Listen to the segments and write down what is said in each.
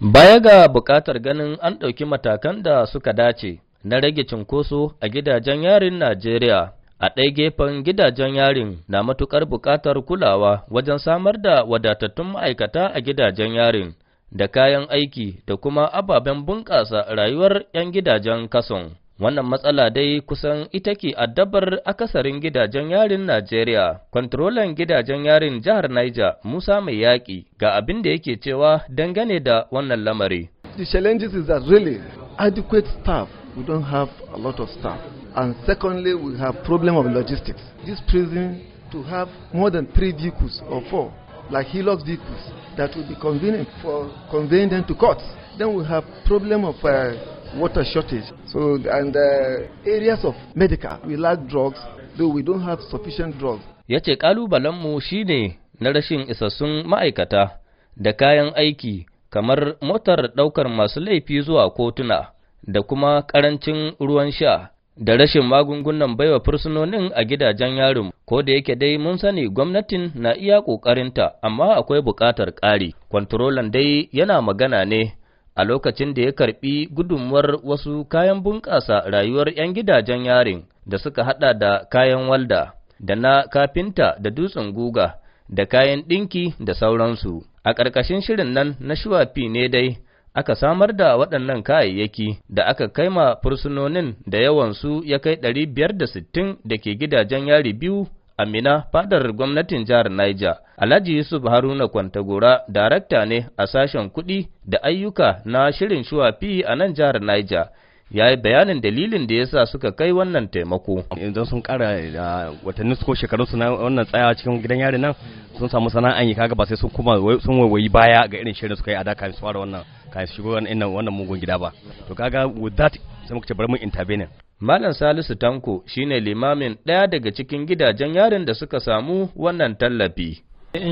Baya ga buƙatar ganin an ɗauki matakan da suka dace na rage cunkoso a gidajen yarin Najeriya, a ɗai gefen gidajen yarin na matuƙar buƙatar kulawa wajen samar da wadatattun ma'aikata a gidajen yarin da kayan aiki da kuma ababen bunƙasa rayuwar 'yan gidajen kason. Wannan matsala dai kusan ita ke addabar akasarin gidajen yarin Najeriya, kontrolan gidajen yarin jihar Niger Musa mai yaƙi ga abin da yake cewa dangane da wannan lamari. The challenges is that really adequate staff, we don't have a lot of staff. And secondly, we have problem of logistics. This prison to have more than three vehicles or four, like Hilux vehicles, that will be convenient for conveying them to courts. Then we have problem of uh, water shortage. So, and the uh, areas of medical, we lack drugs, though we don't have sufficient drugs. Ya ce ƙalubalenmu shi ne na rashin isassun ma'aikata da kayan aiki kamar motar ɗaukar masu laifi zuwa kotuna da kuma ƙarancin ruwan sha da rashin magungunan baiwa fursunonin a gidajen yarin ko da yake dai mun sani gwamnatin na iya ƙoƙarinta amma akwai buƙatar ƙari kwantarolan dai yana magana ne a lokacin da ya karbi gudunmuwar wasu kayan bunƙasa rayuwar 'yan gidajen yarin da suka hada da kayan walda da na kafinta da dutsen guga da kayan ɗinki da sauransu a ƙarƙashin shirin nan na shuwafi ne dai aka samar da waɗannan kayayyaki da aka kai ma fursunonin da yawansu ya kai 560 da ke gidajen yari biyu Amina fadar gwamnatin jihar Niger, Alhaji Yusuf Haruna Kwantagora, darakta ne a sashen kuɗi da ayyuka na shirin shuwafi a nan jihar Niger. ya yi bayanin dalilin da yasa suka kai wannan taimako. Idan sun kara ah, watanni ko shekaru su wannan tsayawa cikin gidan yari nan sun samu sana'an yi kaga ba sai sun kuma sun wayi baya ga irin shirin suka yi a da kan su fara wannan kafin shigo wannan mugun gida ba. To kaga with that sai muka ce bari mu intervene. Malam Salisu Tanko shi ne limamin ɗaya daga cikin gidajen yarin da suka samu wannan tallafi.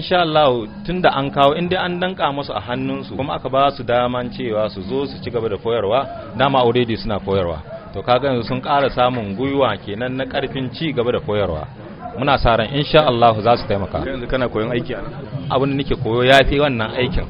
sha Allah tun da an kawo inda an danka musu a hannunsu kuma aka ba su daman cewa su zo su ci gaba da koyarwa dama already suna koyarwa to kaga yanzu sun ƙara samun gwiwa kenan na ƙarfin ci gaba da koyarwa muna sa ran sha Allah za su taimaka yanzu kana koyon aiki a abin da nake koyo ya fi wannan aikin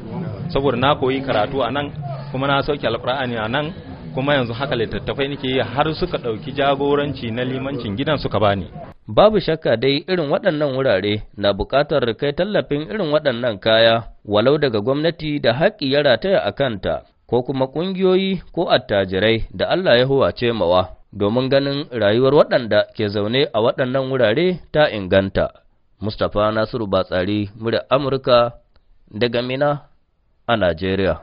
saboda na koyi karatu a nan kuma na sauke alƙur'ani a nan kuma yanzu haka littattafai nake yi har suka ɗauki jagoranci na limancin gidan suka bani babu shakka dai irin waɗannan wurare na buƙatar kai tallafin irin waɗannan kaya walau daga gwamnati da haƙƙi ya rataya a kanta ko kuma ƙungiyoyi ko attajirai da Allah ya huwace mawa domin ganin rayuwar waɗanda ke zaune a waɗannan wurare ta inganta. Mustapha Nasiru Batsari, murya Amurka daga Mina a Najeriya.